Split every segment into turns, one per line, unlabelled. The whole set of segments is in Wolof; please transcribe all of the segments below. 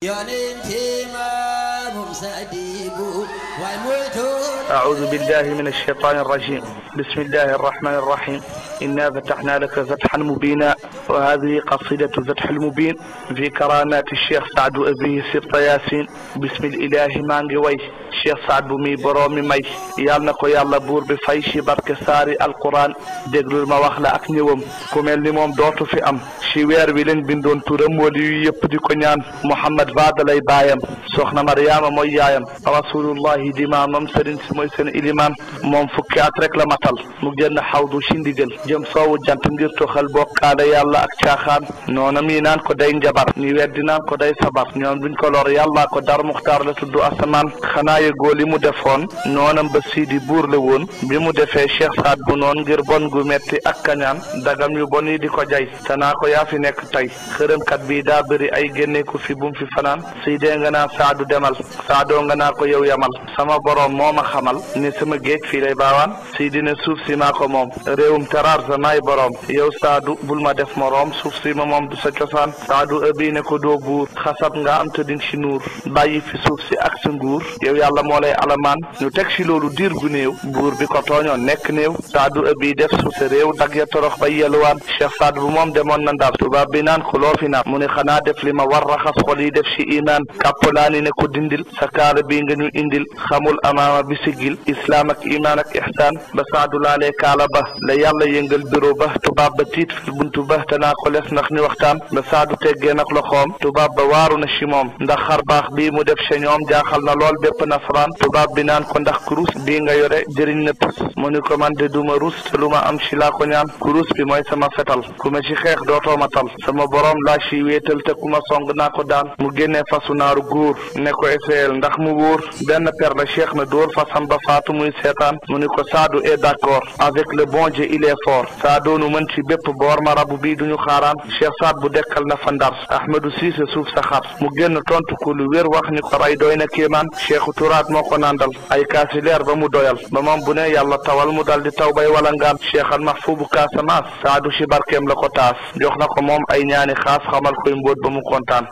Your name came out.
أعوذ بالله من الشيطان الرجيم بسم الله الرحمن الرحيم إنا فتحنا لك فتحا مبينا وهذه قصيدة فتح المبين في كرامات الشيخ سعد أبيه سبط ياسين بسم الإله مانجوي الشيخ سعد بومي برومي مي يالنا كو الله بور بفايشي برك ساري القرآن دقلو المواخ اكنيوم أكني وم دوتو في أم شي وير بلين بندون تورم ولي يبدي كنيان محمد بعد لي بايم سخنا مريم mooy yaayam rasulullahi dimaamam sëriñ si mooy seen ilimaan moom fukki at rek la matal mu génn xawdu ci ndigal jëm soowu jant ngir toxal bokkaale yàlla ak caaxaan noonam yi naan ko day njabar ñu weddi naan ko day sabar ñoom duñ ko lor yàllaa ko dar muxtaar la tudd asamaan xanaa yëgoo li mu defoon noonam ba siidi buur la woon bi mu defee cheikh saad bu noon ngir bon gu metti ak kañaan dagam yu bon yi di ko jay te naa ko yaa fi nekk tey xërëmkat bi daa bëri ay génneeku fi saadoo nga naa ko yow yamal sama boroom moo ma xamal ni sama géej fii lay baawaan si dina suuf si maa ko moom réewum taraar sa maay boroom yow saadu bul ma def moroom suuf si ma moom du sa cosaan saadu ëbbi ne ko doo buur xasab nga am te si nuur bàyyi fi suuf si ak sa nguur yow yàlla moo lay alamaan ñu teg si loolu diir gu néew buur bi ko tooñoon nekk néew saadu ëbbi def suuf si réew dag ya torox bay yeluwaan cheikh saad bu moom demoon na ndar tubaab bi naan ko loo mu ne xanaa def li ma war raxas xol yi si imaan dindil sa kaala bii nga ñu indil xamul amaama bi siggil islaam ak imaan ak ixsaan ba saadu laalee kaala ba la yàlla yëngal bureau ba tubaab ba tiit fi buntu ba te naa ko les ndax ni waxtaan ba saadu teggee nag loxoom tubaab ba waaru na ci moom ndax xar baax bii mu def ci ñoom jaaxal na lool bépp nasaraan tubaab bi naan ko ndax kurus bii nga yore jëriñ na pus mu ni ko man de duma rus te lu ma am ci laa ñaan kurus bi mooy sama fetal ku ma ci xeex dootoo ma tal sama boroom laa ci wéetal te ma song naa ko mu génnee fasu naaru góor dooleel ndax mu wóor benn per la cheikh na dóor fasan ba faatu muy seetaan mu ni ko saadu est d'accord avec le bon Dieu il est fort saadoo nu mën ci bépp boor ma rabu bii duñu xaaraan cheikh saad bu dekkal na fa ndar ahmadu siise suuf sa xar mu génn tontu ko lu wér wax ni ko ray doy na kéemaan cheikhu turaat moo ko nandal ay kaasi leer ba mu doyal ba moom bu ne yàlla tawal mu dal di taw bay walangaan cheikh al mahfubu kaasamaas saadu ci barkeem la ko taas jox na ko moom ay ñaani xaas xamal koy mbóot ba mu kontaan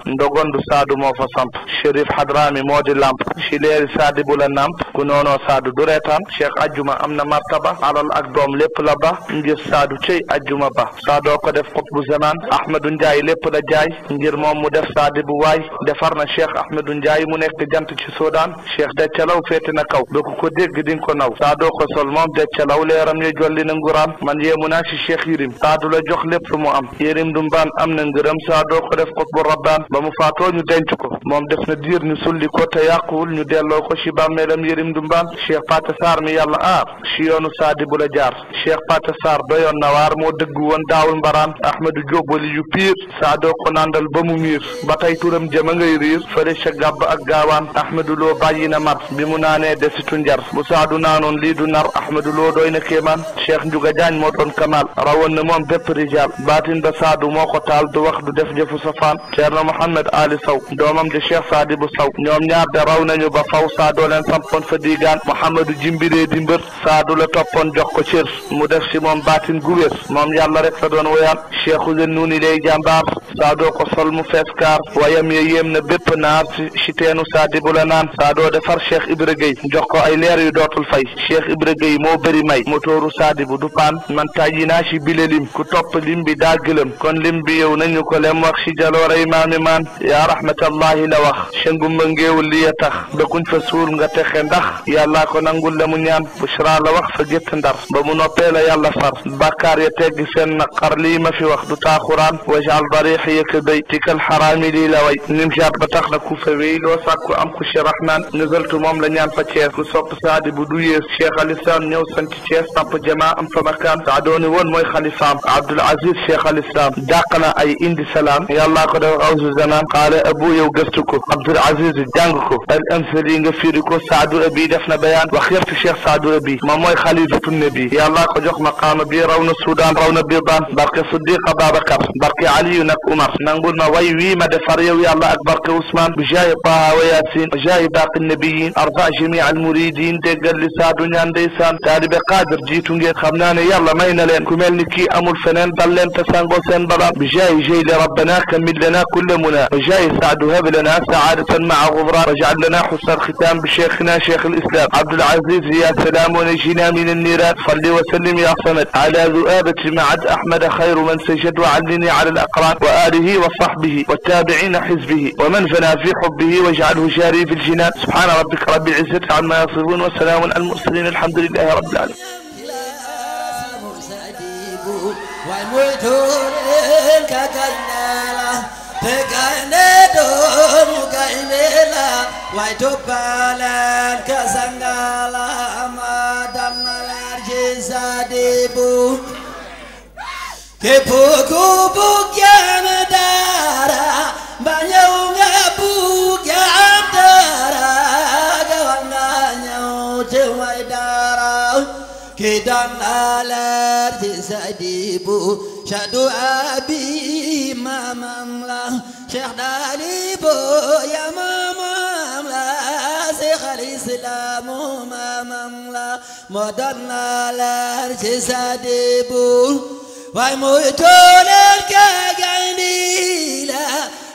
di lamp si leeri saadi bu la namp ku noonoo saadu du reetaan cheikh ajjuma am na martaba alal ak doom lépp la ba ngir saadu cëy ajjuma ba saadoo ko def xutbu zamaan ahmadu njaay lépp la jaay ngir moom mu def saadi bu waay defar na cheikh ahmadu njaay mu nekk jant ci sodaan cheikh deccalaw féete na kaw doo ko dégg di nga ko naw saadoo ko sol moom deccalaw leeram ñu jolli na nguraan man yéemu naa si cheikh yirim saadu la jox lépp mu am yérim du mbaan am na ngërëm saadoo ko def ko moom def na diir te yàquwul ñu delloo ko ci bàmmeelam yërim dumbaan cheikh pate mi yàlla aar ci yoonu saadi bu la jaar cheikh pate sarr doyoon na waar moo dëgg woon daawul mbaraan ahmadou diop wali yu piir saadoo ko nandal ba mu miir ba tey turam jëma ngay riir fële ca gàbb ak gaawaan ahmadou loo bàyyi na mat bi mu naanee desitu njar bu saadu naanoon lii du nar ahmadou loo doy na kéemaan cheikh njuga jaañ moo doon kamal rawoon na moom bépp rijaal baatin ba saadu moo ko taal du wax du def jëfu safaan ceerno mohammed ali saw de raw nañu ba faw saa doo leen sampoon fa diigaan Mouhamadou jimbiree di mbër saa du la toppoon jox ko cër mu def si moom baatin gu wér moom yàlla rek la doon woyal cheikhu le nuuni lay jàmbaar saa ko sol mu fees kaar wayam ya yéem na bépp naar si teenu saa di bu la naan saa doo defar cheikh Ibra Gueye jox ko ay leer yu dootul fay cheikh Ibra moo bëri may motooru saadi bu du paan man tàyyi naa si bile lim ku topp lim bi daa gëlëm kon lim bi yow nañu ko lem wax si jalooray maami maan yaa rahmatallahi ya tax da kuñ fa suul nga texe ndax yàllaa ko nangul la mu ñaan bushra la wax fa gétt ndar ba mu noppee la yàlla far bàkkaar ya tegg seen naqar lii ma fi wax du taaxuraan wajal ضريحيك بيتك الحرام لي لوي نمشات بتخ لكو فوي لو ساكو ام كو شرحنان نزلت موم لا نيان فاتيس كو سوب سادي بو دوي شيخ الاسلام نيو سانت تيس تامب جماع ام فمكان تعدوني وون موي خليفام عبد العزيز شيخ الاسلام داقنا اي اندي سلام يلا كو دو اوز زمان قال ابو يو غفتكو عبد العزيز جانغ نوركو الأمثلين ريكو سعدو أبي دفنا بيان وخيرت الشيخ سعدو أبي ماموي خليفة النبي يا الله قجوك مقام بي رون السودان رون بيضان باقي صديق أبا بكر برقي علي نك عمر نقول ما وي وي ما دفريا ويا الله أكبر عثمان بجاي طه وياسين بجاي باقي النبيين أرضاء جميع المريدين تقل لسادو نيان ديسان تالي بقادر جيتو جيت خمناني يلا ما ينالين كمال نكي أمو الفنان بلين تسانقو سين بلان بجاي جاي لربنا كمل لنا كل منا وجاي سعدو هب لنا سعادة مع غفران واجعل لنا حسن الختام بشيخنا شيخ الإسلام عبد العزيز يا سلام ونجينا من النيران صل وسلم يا صمد على ذؤابة معد أحمد خير من سجد وعلني على الأقران وآله وصحبه والتابعين حزبه ومن فنى في حبه واجعله جاري في الجنان سبحان ربك رب العزة عما يصفون وسلام على المرسلين الحمد لله رب العالمين
والمدن ككل he kaine don kaine la wai to palan kasangala amadam larjisa debu ke puku bukyan dara banyau ngabu gyan dara gawanganya ujewai dara كدان على تسديبو شادو أبي ما مملا شيخ داليبو يا ما مملا شيخ الإسلام ما مملا مدان على تسديبو واي موتون الكاغاني لا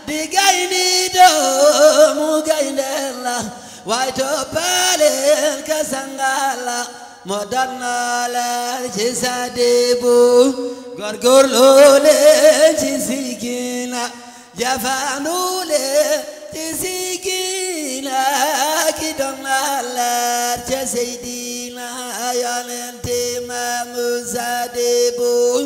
دي غايني دو مو غايني واي توبالي الكاسانغالا مادر نالد چه زده بو گرگر چه زیگینا جفنوله چه زیگینا کی دن نالد چه زیدینا یا ننتی مامو زده بو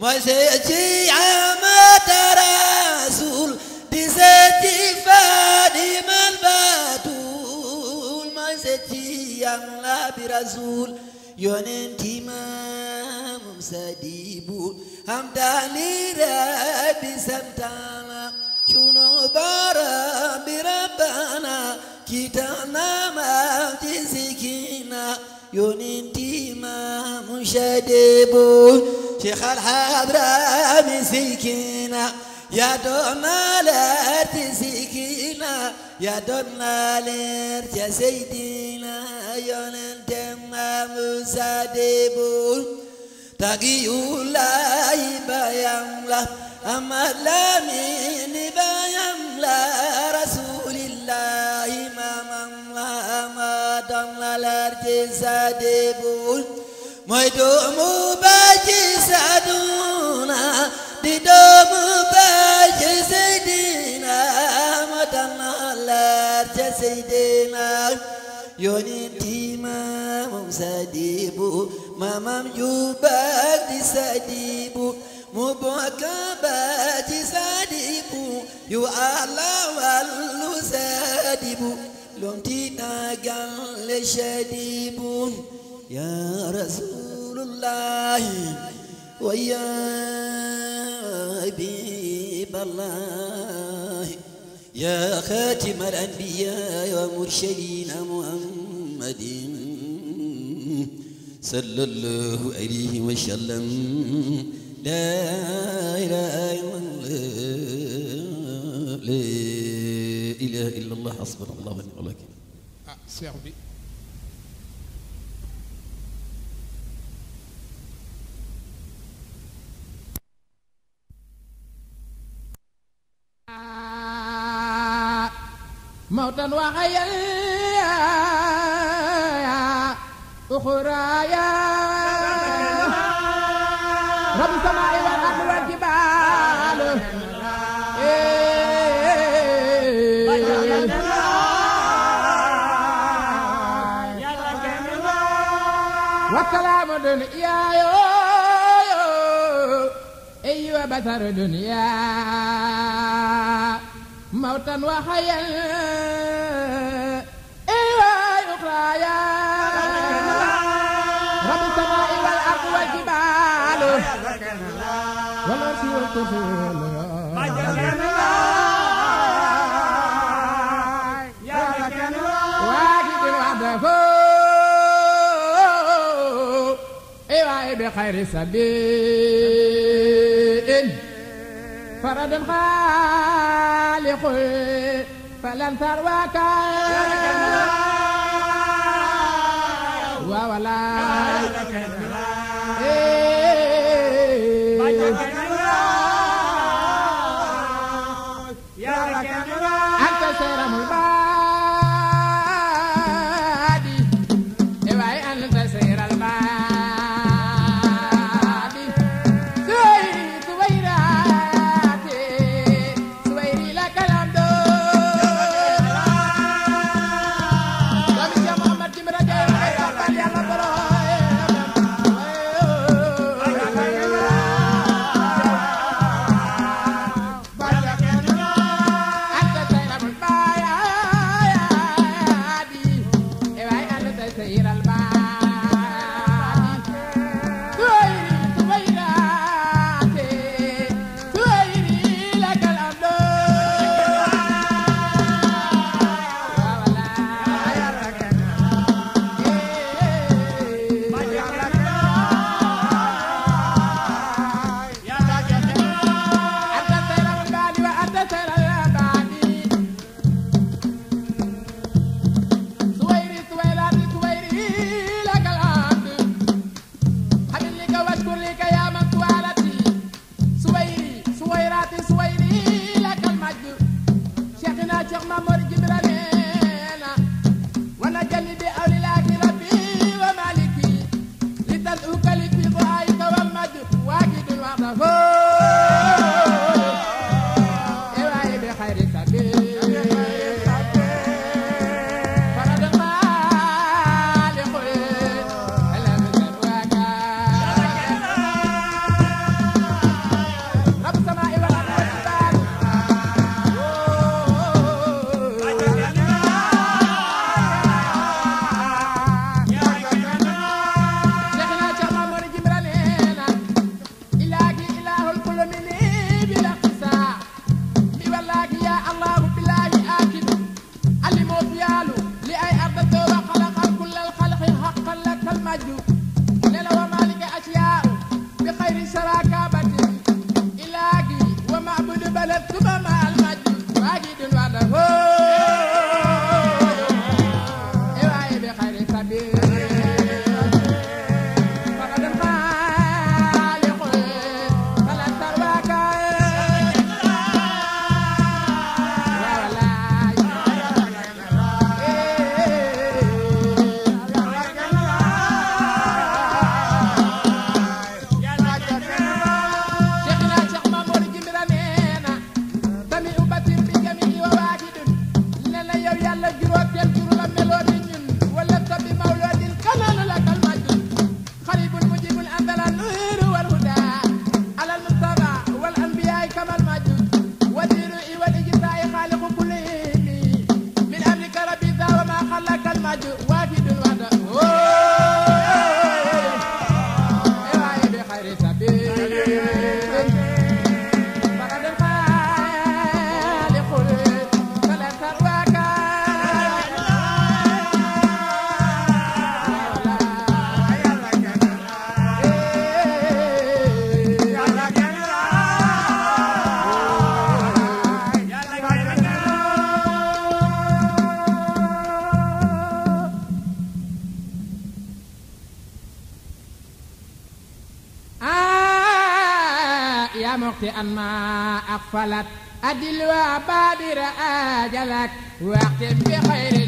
مجھے چیعا مات رسول دیزتی فادی من باتول مجھے چیعا يملا برسول يونين تيمام مسديبو هم دالي ربي سمتانا شنو بارا بربنا كتانا ما تزكينا يونين تيمام مسديبو شيخ الحضرة مسكينا Ya donalet sikina Ya donalet ya seydina Ya nentem amusa debul Tagi ulai bayamla Amat lamin bayamla Rasulillah imamamla Amat donalet ya debul Moidu mubaji saduna Didu mubaji سيدنا مدنا لا سيدنا يونتي ما تصديبو ما ممجوبا تسديب مبكى باتسديب يعلى والسديب لونتينا قال شديب يا رسول الله ويا أبي حبيب الله يا خاتم الأنبياء ومرشدين محمد صلى الله عليه وسلم لا إله إلا الله لا إله إلا الله حسبنا الله ونعم الوكيل
ah, mawtan wa xayaya uxuraya rabu samaay wal ardi wal jibaal وسلام دنيا أيوة بشر دنيا موتا وحيا إيوا يقرايا
رب السماء والأرض
والجبال والأرض والطفل بخير سبيل فرد الخير fue pues, para lanzar vaca. Guabala. أقفلت أدل وبادر آجلك واختم بخير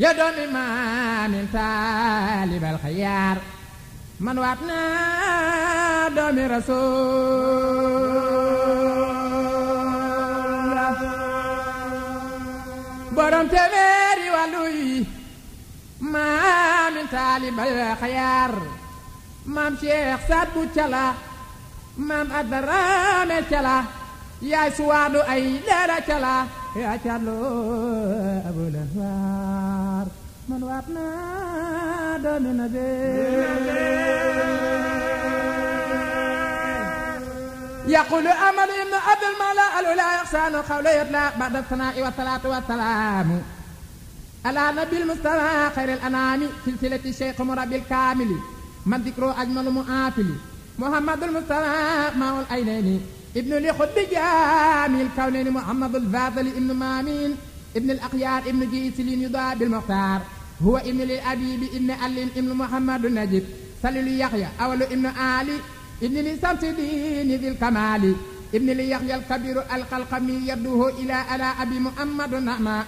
ya doomi maamin taalibal xayaar man waat naa doomi rasuul
borom téeméeri
wàllu yi maamin taalibal xayaar maam Cheikh Saad Bou Thiala maam Adda Ramé Thiala yaay suwaadu ay leera Thiala يا شالو ابو من አቡለፋር دون ዶን يقول أمل إن أبي الملا الأولى يحسن قولي يطلع بعد الثناء والصلاة والسلام على نبي المصطفى خير الأنام سلسلة الشيخ مربي الكامل من ذكره أجمل مؤافل محمد المصطفى مع العينين ابن لخد جامي الكونين محمد الفاضل ابن مامين ابن الأقيار ابن جيسلين يضاء بالمختار هو ابن للأبيب ابن ألين ابن محمد النجيب سلل يحيى أول ابن آلي ابن لسمس دين ذي الكمال ابن ليحيى الكبير القلقمي يبدوه إلى على أبي محمد النعمى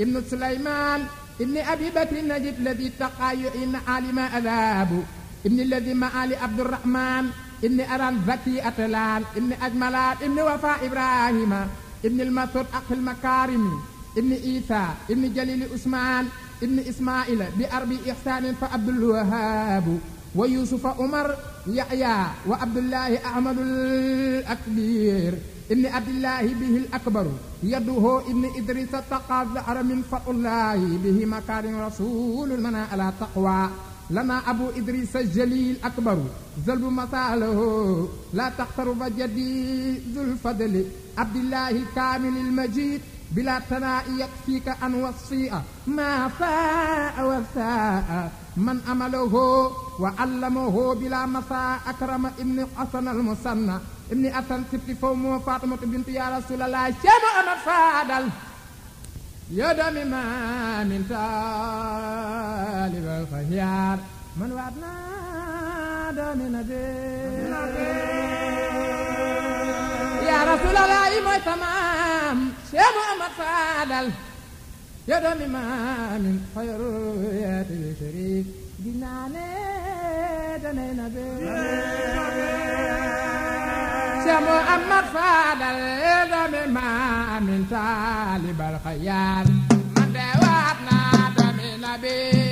ابن سليمان ابن أبي بكر النجيب الذي تقى يعين عالم أذاب ابن الذي معالي عبد الرحمن إني أران الذكي أتلال إني أجملال إني وفاء إبراهيم إني المسعود أخ المكارم إني إيسى إني جليل عثمان إني إسماعيل بأربي إحسان فعبد الوهاب ويوسف عمر يحيى وعبد الله أحمد الأكبر إن عبد الله به الأكبر يده إن إدريس تقى الزهر من فضل الله به مكارم رسول المنى على تقوى لنا أبو إدريس الجليل أكبر زلب مطاله لا تختر فجدي ذو الفضل عبد الله الكامل المجيد بلا ثناء يكفيك أن وصي ما فاء وفاء من أمله وعلمه بلا مساء أكرم ابن حسن المصنع ابن أثن سبت فومو فاطمة بنت يا رسول الله شبع فادل yodami ma min taalibal xayaar man waat naa doomi na bi yaa rasulallah yi mooy tamaam Cheikh Muhammad Fadal yodami ma min xayru yaati bi sharif gis naa Cheikh Mouhamad Fadal doomi Maamin Taalibal Xayaan man de waat naa doomi Nabi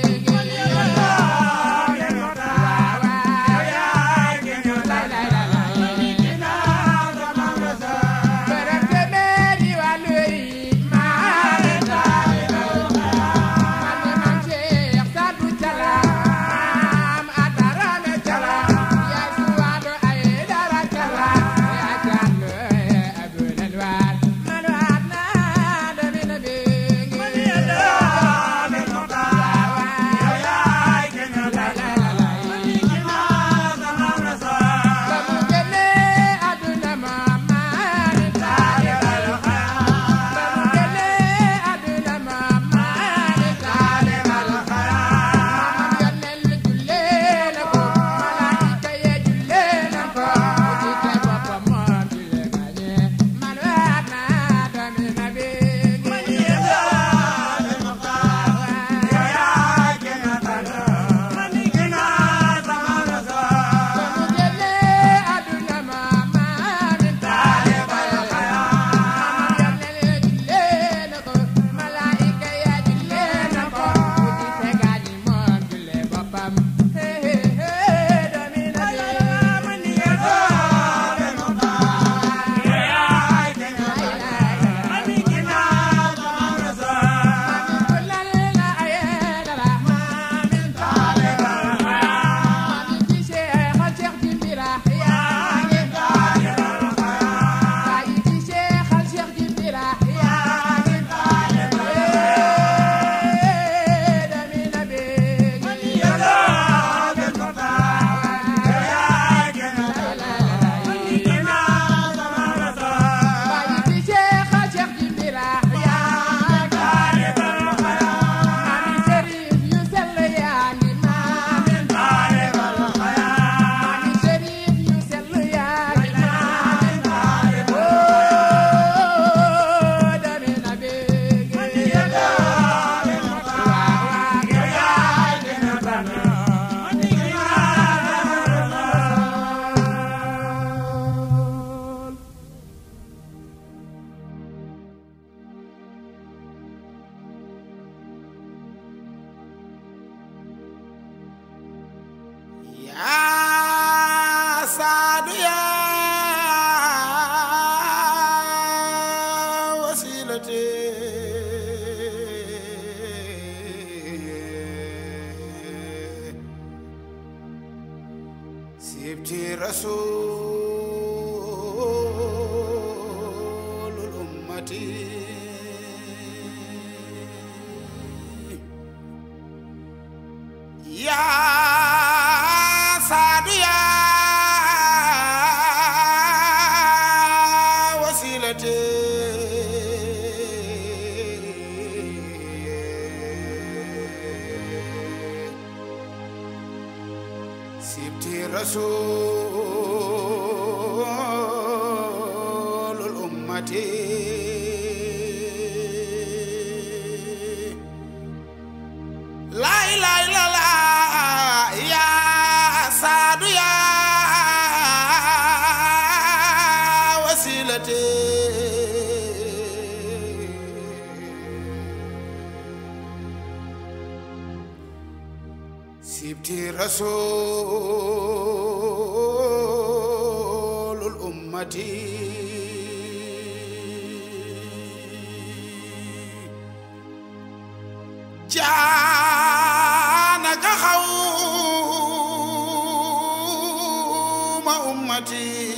أمتي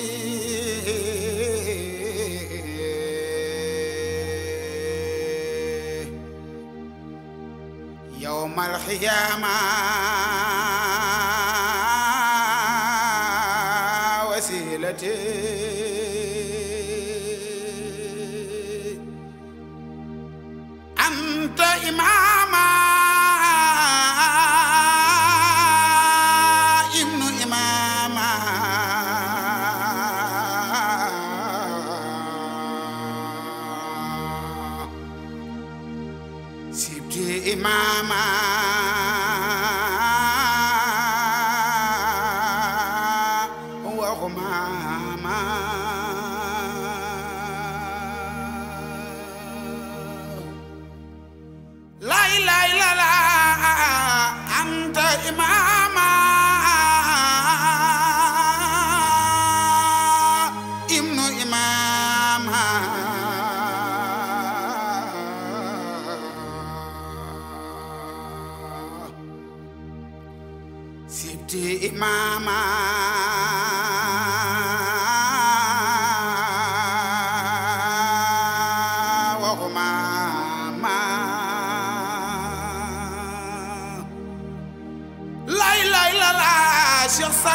يوم القيامه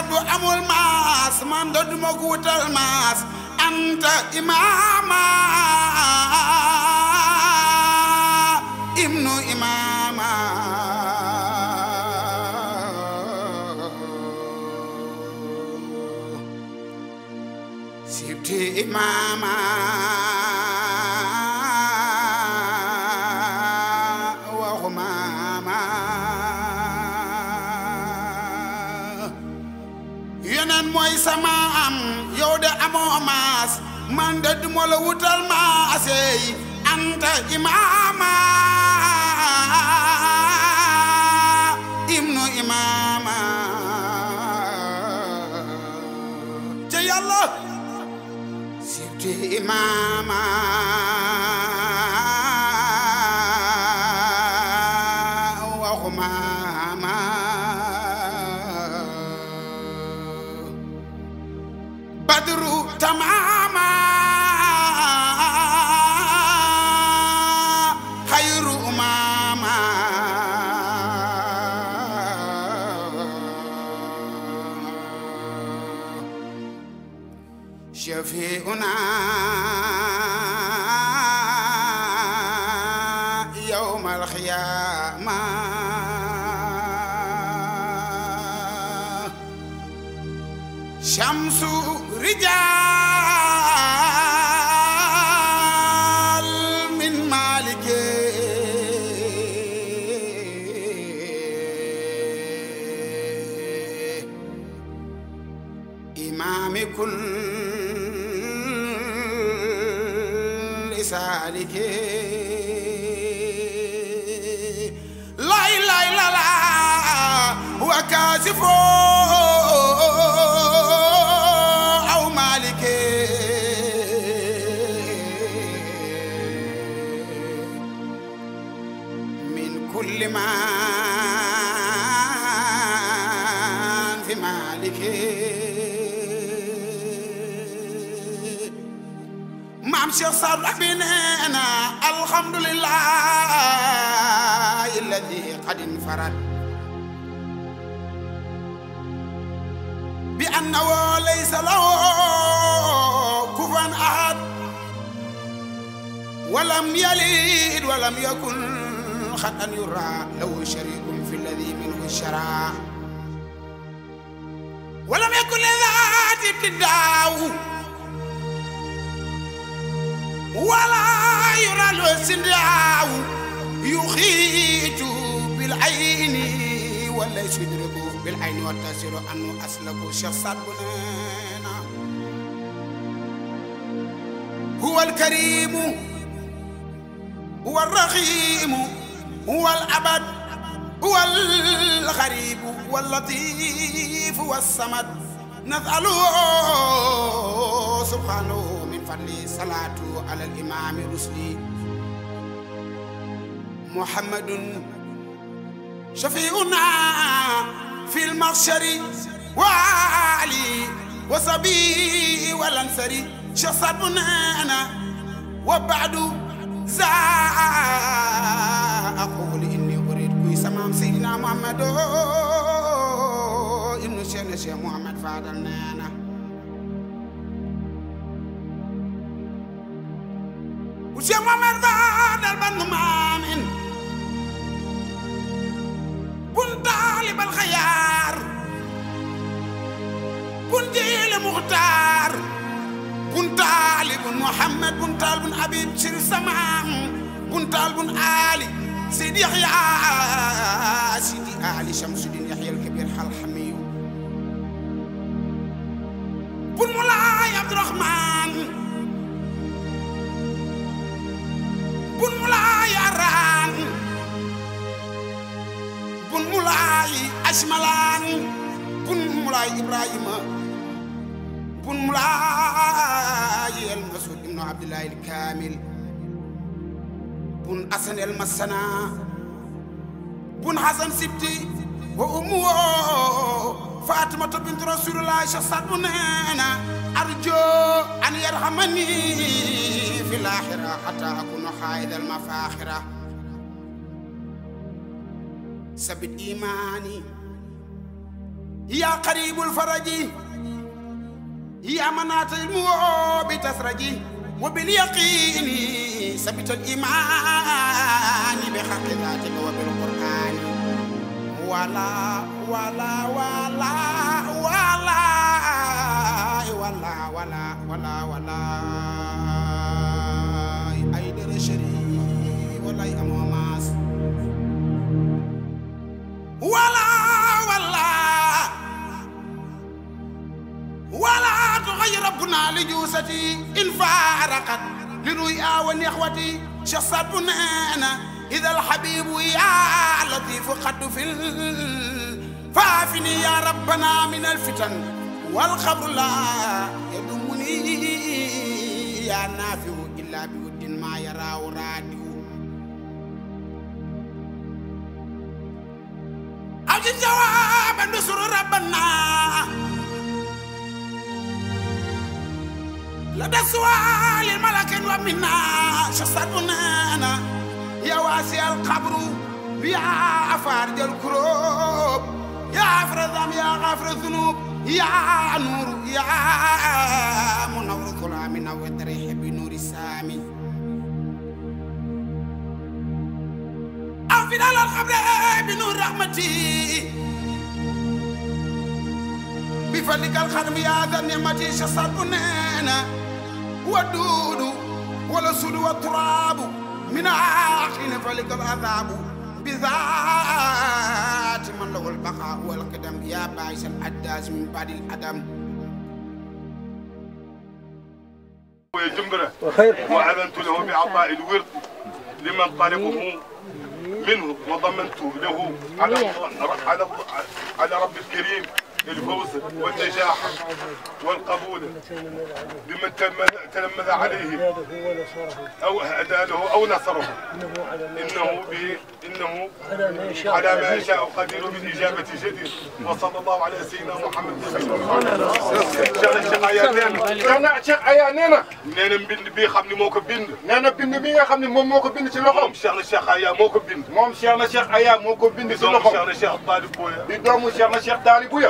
Do amul mas man da duma ko wutal maas anta imama ibnu imama sibti imama. sama am yow de amoo maas man de duma wutal maasey anta imaama ibnu imaama ca yàlla sibti imaama Shamsu Rida. لم يلد ولم يكن خطا يرى له شريك في الذي منه الشرع ولم يكن لذات ابتداء ولا يرى له سنداء يخيج بالعين ولا يدركه بالعين وتسير انه اسلك شخصا بنانا هو الكريم هو الرحيم هو الأبد هو الغريب هو اللطيف هو الصمد نسأله سبحانه من فضل صلاة على الإمام الرسلي محمد شفيعنا في المحشر وعلي وصبي والأنصري شصبنا أنا وبعد saa aqulu inni urid kuy samaam Seydina Muhammad ibnu Cheikhna Cheikh Mouhamad Fadal nee na Cheikh Mouhamad Fadal ban maamin kun taalibal xayaar kun jiile muxtaar kun taal bun Muhammad bun Taal bun Habib Chérif Samaam bun Taal bun Ali Seydi Yahya Seydi Ali Shamsuddin Yahya al-Kabir al-Hamiyu bun Mulaay Abdurahman bun Mulaay Araan bun Mulaay Asmalaan bun Mulaay Ibrahima bun Mulaay الحاج المسعود ابن عبد الله الكامل بن حسن المسنا بن حسن سبتي وأمه فاطمة بنت رسول الله شصت مننا أرجو أن يرحمني في الآخرة حتى أكون حائد المفاخرة سبت إيماني يا قريب الفرج هي أمانات المو بتسرجي وباليقين ثبت الإيمان بحق ذاته وبالقرآن ولا ولا
ولا
ولا ولا ولا ولا ولا أي درشري ولا أماماس ولا ولا ولا أنت غير ربنا لجوستي إن فارقت لرؤيا ونخوتي شصت بنانا إذا الحبيب يا لطيف قد في فافني يا ربنا من الفتن والخبر لا يدمني يا نافع إلا بود ما يرى رادي أجد جواب نصر ربنا لدى سؤال ملك ومنا شصدنا يا واسع القبر يا أفارج الكروب يا غفر الذنب يا غفر الذنوب يا نور يا منور كل من وتريح بنور السامي أنفنا القبر بنور رحمتي بفلك الخدم يا ذا النعمة شصدنا ودود والأسود والتراب من آخر فلك العذاب بذات من له البقاء والقدم يا بايس الأداس من بعد الأدم
وجمبرة وأذنت له بعطاء الورد لمن طلبه منه وضمنت له على على على رب الكريم الفوز والنجاح والقبول لمن تلمذ عليه او هدى او نصره انه ب... انه على ما يشاء قدير من اجابه جدير وصلى الله على سيدنا محمد نانا شيخ ايا نانا نانا بن بي خمني موك بن نانا بن بي خمني مو موكو بن شلوخو موم شيخ الشيخ ايا موك بن موم شيخ الشيخ ايا موك بن شلوخو شيخ الشيخ طالب بويا دوم شيخ الشيخ طالب بويا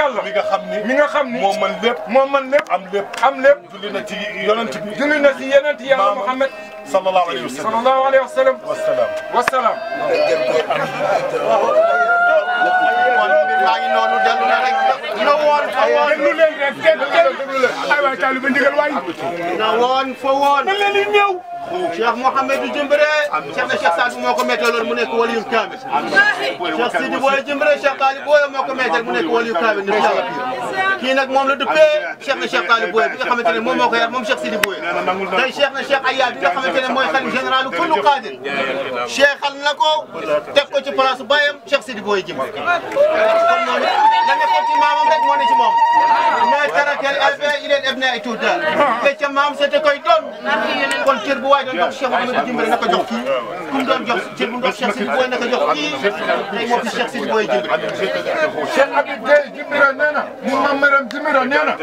yàlla mi nga xam ni mi nga xam ni moo mën lépp moo mën lépp am lépp am lépp julli na ci yonent bi julli na ci yonent yàlla Muhammad sallallahu alayhi wa sallam sallallahu alayhi wa sallam wa salaam maa
ngi noonu dellu na rek
na woon fa woon dellu leen rek dellu leen ay waay taaliba ndigal waay na woon fa woon na leen ñëw شيخ محمد جمبري شيخ شيخ سعد موكو ميتال مونيك ولي كامل شيخ سيدي بوي جمبري شيخ طالب بوي موكو ميتال مونيك ولي كامل نيشا كي نك موم لو دوبي شيخ شيخ طالب بوي بيغا خامتاني موم موكو يار موم شيخ سيدي بوي تاي شيخنا شيخ اياد بيغا خامتاني موي خالي جنرال كل قادر شيخ خال نكو تيكو سي بلاص بايام شيخ سيدي بوي جيم ما ترك الابناء تودا كي مام سيتي كوي دون كون waajoon jox Cheikh Mouhamed Jimbira na ko jox kii ku mu doon jox ci bu mu doon Cheikh Sidi Boye na ko jox kii tey moo fi Cheikh Sidi Boye Jimbira Cheikh Habib Gueye Jimbira nee na mu maam Maram Jimbira nee na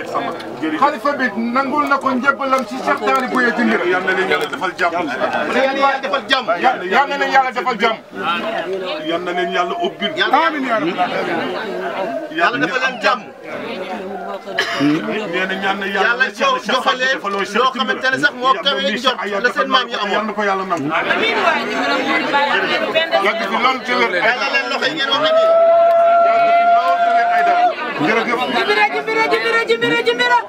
xalifa bi nangul na ko njëbbalam ci Cheikh Tali Boye Jimbira yal na leen yàlla defal jàmm yal na leen yàlla defal jàmm yal na leen yàlla ubbil amiin yàlla defal leen jàmm nee na ñaan na yàlla joxale loo xamante ne sax moo kawe njort la seen maam yi amoon ko yàlla nangu yàgg fi lool ci wér yàlla leen loxo yi ngeen wax
na ni jërëjëf jibira jibira jibira jibira jibira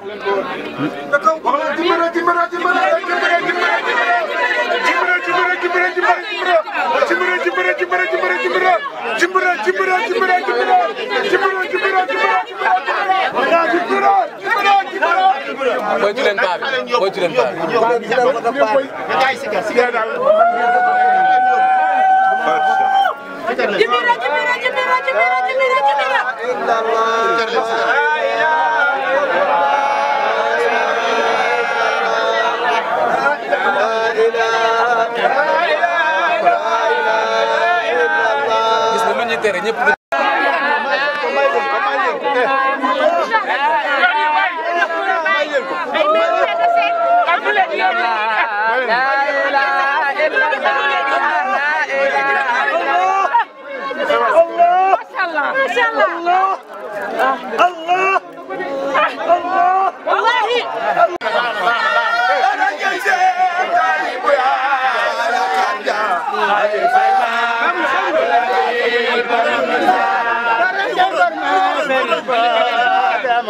jibira jibira jibira jibira jibira
jimbira jimbira jimbira jimbira jimbira jimbira jimbira jimbira jimbira jimbira
jimbira jimbira jimbira jimbira moytu leen paa bi moytu leen paa bi jimbira jimbira jimbira jimbira terrain ñëpp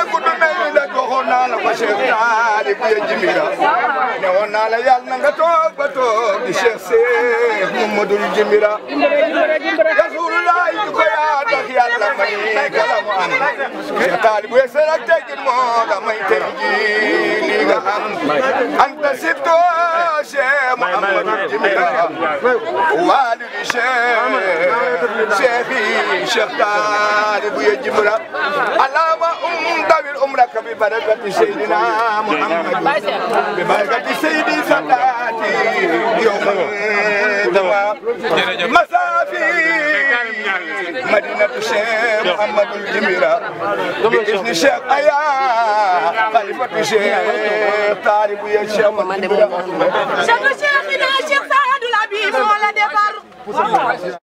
yàlla ku du mel ni daj waxoon naa la ko Cheikh Naali bu ye jimira ne woon naa la yàlla na nga toog ba toog di Cheikh Cheikh may kala mu am Cheikh Naali bu ye am anta sibto jimira waalidi Cheikh Cheikh Cheikh Naali bu ye jimira um طويل عمرك ببركة
سيدنا محمد
ببركة سيدي صلاتي
يوم
مسافي
مدينة الشيخ
محمد الجميرة بإذن الشيخ
أيا
خليفة الشيخ طالب يا شيخ محمد الجميرة شيخ
شيخنا
شيخ سعد العبيد ولا دبر